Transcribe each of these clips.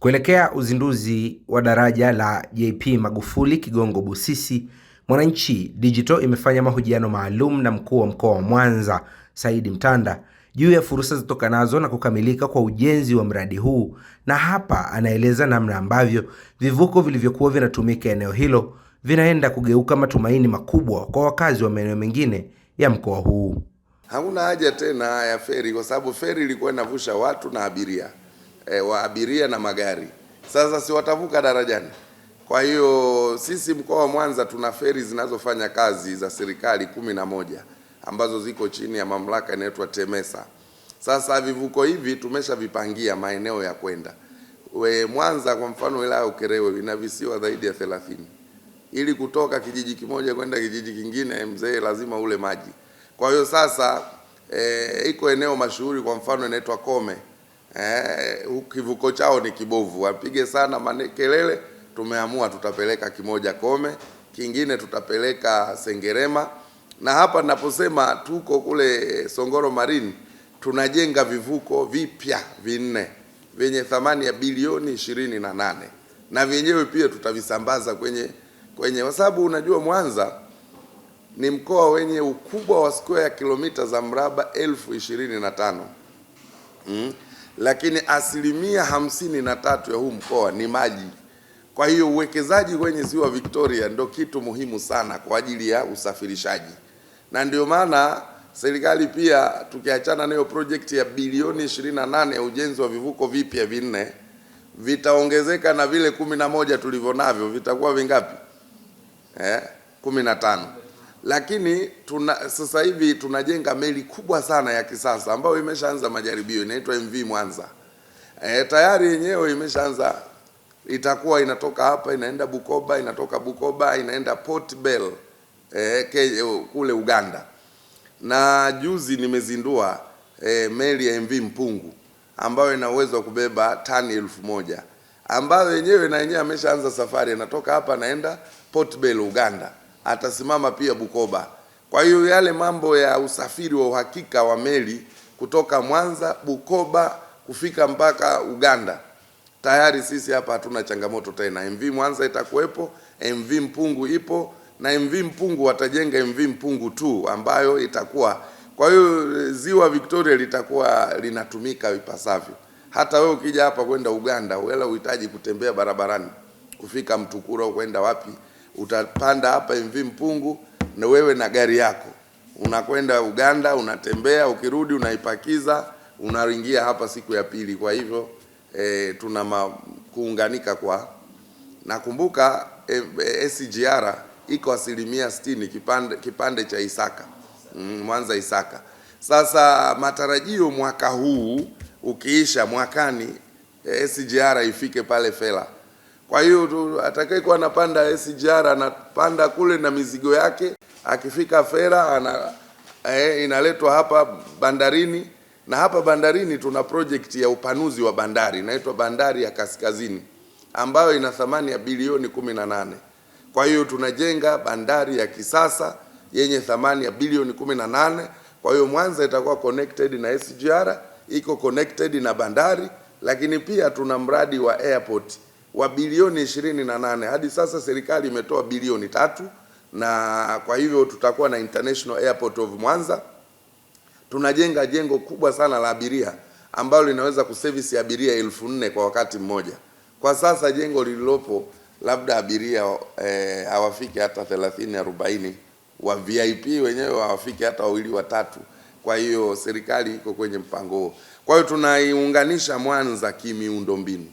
Kuelekea uzinduzi wa daraja la JP Magufuli Kigongo Busisi, Mwananchi Digital imefanya mahojiano maalum na mkuu wa mkoa wa Mwanza Saidi Mtanda juu ya fursa zitokanazo na kukamilika kwa ujenzi wa mradi huu, na hapa anaeleza namna ambavyo vivuko vilivyokuwa vinatumika eneo hilo vinaenda kugeuka matumaini makubwa kwa wakazi wa maeneo mengine ya mkoa huu. Hakuna haja tena ya feri, kwa sababu feri ilikuwa inavusha watu na abiria e, wa abiria na magari, sasa si watavuka darajani? Kwa hiyo sisi mkoa wa Mwanza tuna feri zinazofanya kazi za serikali kumi na moja ambazo ziko chini ya mamlaka inaitwa TEMESA. Sasa vivuko hivi tumeshavipangia maeneo ya kwenda. We Mwanza kwa mfano, wilaya Ukerewe ina visiwa zaidi ya thelathini. Ili kutoka kijiji kimoja kwenda kijiji kingine, mzee, lazima ule maji. Kwa hiyo sasa e, iko eneo mashuhuri kwa mfano inaitwa Kome eh, kivuko chao ni kibovu, wapige sana kelele Tumeamua tutapeleka kimoja Kome, kingine tutapeleka Sengerema, na hapa naposema tuko kule Songoro Marine tunajenga vivuko vipya vinne vyenye thamani ya bilioni ishirini na nane na vyenyewe pia tutavisambaza kwenye kwenye, kwa sababu unajua Mwanza ni mkoa wenye ukubwa wa square ya kilomita za mraba elfu ishirini na tano mm lakini asilimia hamsini na tatu ya huu mkoa ni maji. Kwa hiyo uwekezaji kwenye ziwa Victoria ndo kitu muhimu sana kwa ajili ya usafirishaji, na ndio maana serikali pia tukiachana nayo projekti ya bilioni 28 ya ujenzi wa vivuko vipya vinne vitaongezeka na vile kumi na moja tulivyo navyo vitakuwa vingapi? Eh, kumi na tano lakini tuna sasa hivi tunajenga meli kubwa sana ya kisasa ambayo imeshaanza majaribio, inaitwa MV Mwanza. E, tayari yenyewe imeshaanza, itakuwa inatoka hapa inaenda Bukoba, inatoka Bukoba inaenda Port Bell e, kule Uganda. Na juzi nimezindua e, meli ya MV Mpungu ambayo ina uwezo wa kubeba tani elfu moja ambayo yenyewe na yenyewe ameshaanza safari, inatoka hapa naenda Port Bell Uganda atasimama pia Bukoba. Kwa hiyo yale mambo ya usafiri wa uhakika wa meli kutoka Mwanza, Bukoba kufika mpaka Uganda, tayari sisi hapa hatuna changamoto tena. MV Mwanza itakuwepo, MV Mpungu ipo na MV Mpungu watajenga MV Mpungu tu ambayo itakuwa kwa hiyo eh, ziwa Victoria litakuwa linatumika ipasavyo. Hata wewe ukija hapa kwenda Uganda, wala uhitaji kutembea barabarani kufika Mtukura kwenda wapi utapanda hapa MV Mpungu na wewe na gari yako unakwenda Uganda, unatembea, ukirudi unaipakiza, unaingia hapa siku ya pili. Kwa hivyo e, tuna kuunganika kwa nakumbuka e, eh, e, SGR iko asilimia 60 kipande, kipande cha Isaka mm, Mwanza Isaka. Sasa matarajio mwaka huu ukiisha mwakani eh, SGR ifike pale Fela. Kwa hiyo atakayekuwa anapanda SGR anapanda kule na mizigo yake, akifika fera ana, e, inaletwa hapa bandarini, na hapa bandarini tuna project ya upanuzi wa bandari inaitwa bandari ya Kaskazini ambayo ina thamani ya bilioni 18. Kwa hiyo tunajenga bandari ya kisasa yenye thamani ya bilioni 18. Kwa hiyo Mwanza itakuwa connected na SGR, iko connected na bandari, lakini pia tuna mradi wa airport wa bilioni ishirini na nane. Hadi sasa serikali imetoa bilioni tatu na kwa hivyo tutakuwa na International Airport of Mwanza. Tunajenga jengo kubwa sana la abiria ambalo linaweza kuservice abiria elfu nne kwa wakati mmoja. Kwa sasa jengo lililopo labda abiria eh, hawafiki hata 30 40, wa VIP wenyewe hawafiki hata wawili watatu. Kwa hiyo serikali iko kwenye mpango huo. Kwa hiyo tunaiunganisha Mwanza kimiundo mbinu.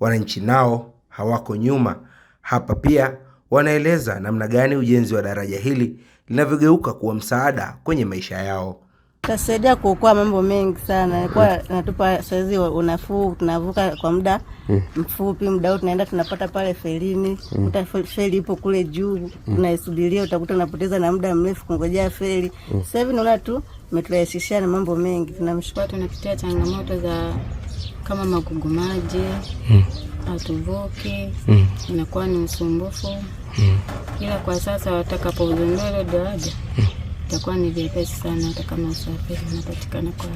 Wananchi nao hawako nyuma. Hapa pia wanaeleza namna gani ujenzi wa daraja hili linavyogeuka kuwa msaada kwenye maisha yao. Tasaidia kuokoa mambo mengi sana, kwa mm. natupa saizi unafuu, tunavuka kwa muda mm. mfupi, muda huu tunaenda tunapata pale ferini, kuta mm. feri ipo kule juu, tunaisubiria, utakuta unapoteza na muda mrefu kungojea feri Sasa hivi naona tu umeturahisishia na mambo mengi, tunamshukuru. Tunapitia changamoto za kama magugu maji mm. hatuvuki mm. inakuwa ni usumbufu mm. ila kwa sasa watakapouzindua hilo daraja mm. itakuwa ni vyepesi sana, hata kama usafiri unapatikana kwa